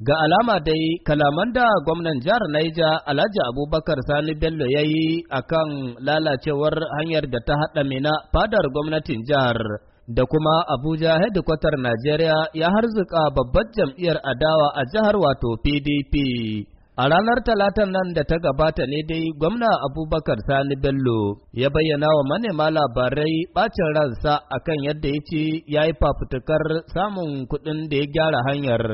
Ga alama dai kalaman da gwamnan jihar Naija Alhaji Abubakar Sani Bello ya yi a kan lalacewar hanyar da ta haɗa mina fadar gwamnatin jihar da kuma Abuja hedikwatar Najeriya ya harzuka babbar jam'iyyar adawa a jihar wato PDP. A ranar talatan nan da ta gabata ne dai gwamna Abubakar Sani Bello ya bayyana wa manema labarai ɓacin ransa akan yadda ya ce ya yi fafutukar samun kuɗin da ya gyara hanyar.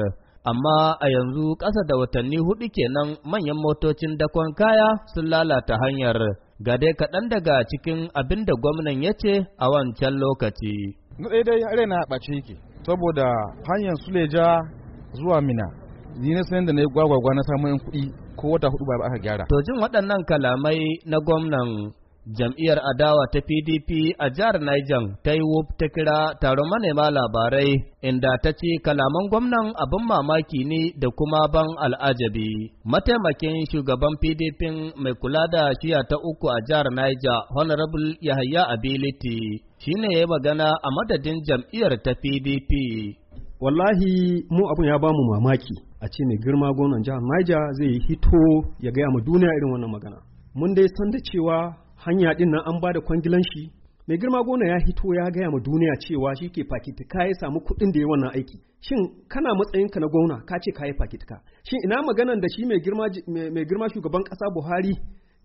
amma a yanzu ƙasa da watanni hudu kenan manyan motocin dakon kaya sun lalata hanyar ga dai kaɗan daga cikin abin da gwamnan ya ce a wancan lokaci. Na ɗaya dai na ɓace yake saboda hanyar Suleja zuwa Mina ni na sanin da na yi gwagwagwa na samun kuɗi ko wata hudu ba aka gyara. To jin waɗannan kalamai na gwamnan jam'iyyar adawa ta PDP a jihar Niger ta yi wuf ta kira taron manema labarai inda ta ce kalaman gwamnan abin mamaki ne da kuma ban al'ajabi. Mataimakin shugaban PDP mai kula da shiya ta uku a jihar Niger, Honorable Yahaya Ability, shi ne ya magana a madadin jam'iyyar ta PDP. Wallahi mu abin ya bamu mamaki a ce mai girma gwamnan jihar Niger zai hito ya gaya ma duniya irin wannan magana. Mun dai san da cewa hanya din nan an ba da kwangilan shi mai girma gona ya hito ya gaya ma duniya cewa shi ke ka ya samu kuɗin da ya wannan aiki shin kana matsayinka na gona ka ce ka yi fakitika shin ina maganan da shi mai girma shugaban ƙasa buhari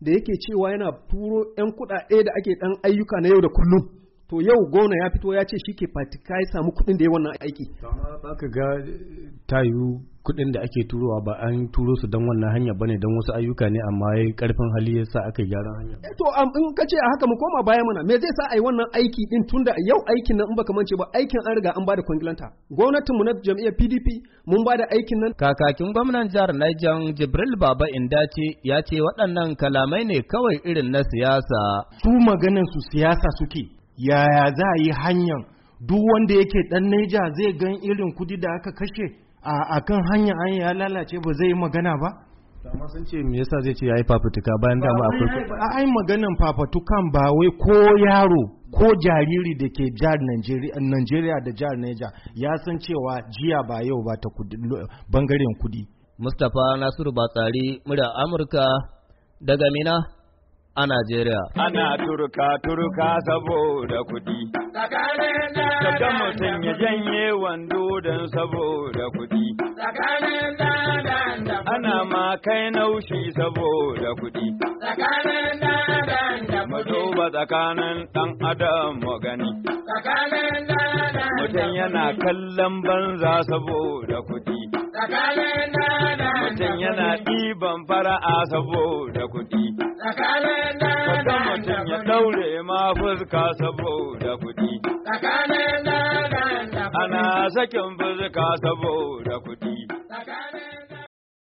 da yake cewa yana turo 'yan kuɗaɗe da ake ɗan ayyuka na yau da kullum to yau gona ya fito ya ce shi ke ka ya samu kuɗin da ya wannan aiki. Amma ba ka ga tayu kuɗin da ake turowa ba an turo su don wannan hanya bane don wasu ayyuka ne amma ya karfin hali ya sa aka gyaran hanya. Eh to in ka ce a haka mu koma baya mana me zai sa a yi wannan aiki din tunda yau aikin nan in baka mance ba aikin an riga an bada kwangilanta gwamnatin mu na jam'iyyar PDP mun bada aikin nan. kakakin gwamnan jihar Niger Jibril Baba Indace ya ce waɗannan kalamai ne kawai irin na siyasa. su maganan su siyasa suke yaya za a yi hanyar duk wanda yake dan Niger zai gan irin kudi da aka kashe. a kan hanya an ya lalace ba zai yi magana ba amma sun ce me yasa zai ce yi fafutuka bayan da mu akwai ai maganan fafutukan ba wai ko yaro ko jariri da ke jihar Najeriya da jihar Niger ya san cewa jiya ba yau ba ta bangaren kudi Mustapha Nasiru Batsari murya Amurka daga Mina a Najeriya ana turka turka saboda kudi daga mutum janye wando don saboda kuɗi. Tsakanin ɗan da Ana ma kai naushi saboda kuɗi. Tsakanin ɗan da Mu ba tsakanin ɗan adam mu gani. Tsakanin ɗan da Mutum yana kallon banza saboda kuɗi. Tsakanin ɗan da Mutum yana ɗiban fara'a saboda kuɗi. Tsakanin ɗan da Mutum ya ɗaure ma fuska saboda kuɗi. ana sakin fuska saboda kuɗi.